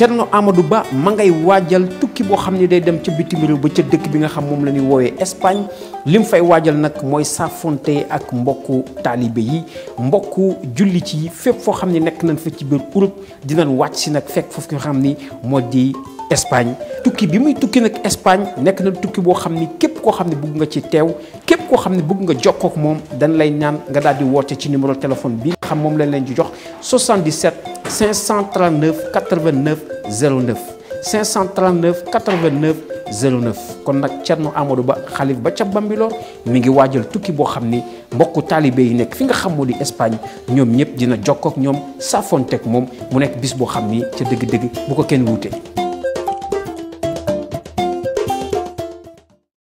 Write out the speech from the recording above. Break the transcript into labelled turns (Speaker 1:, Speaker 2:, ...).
Speaker 1: noo Amadou Ba ma ngay waajal tukki boo xam ne day dem ca bitim réew ba ca dëkk bi nga xam moom la ñuy woowee Espagne li mu fay waajal nag mooy saafonte ak mbokku taalibe yi mbokku jullit yi fépp foo xam ne nekk nañ fa ci biir Europe dinañ wàcc si nag fekk foofu nga xam ni moo di Espagne tukki bi muy tukki nag Espagne nekk na tukki boo xam ni képp koo xam ne bugg nga ci teew képp koo xam ne bëgg nga jox ak moom dañ lay ñaan nga daal di woote ci numéro téléphone bi nga xam moom lañ leen ci jox 77 539 89. 09 539 89 09 kon nak Thierno Amadou Ba khalif ba ca lor mi ngi waajal tukki bo xamni ni mbokku nekk fi nga xam modi Espagne dina a safontek mom mu nek bis bo bu ko kenn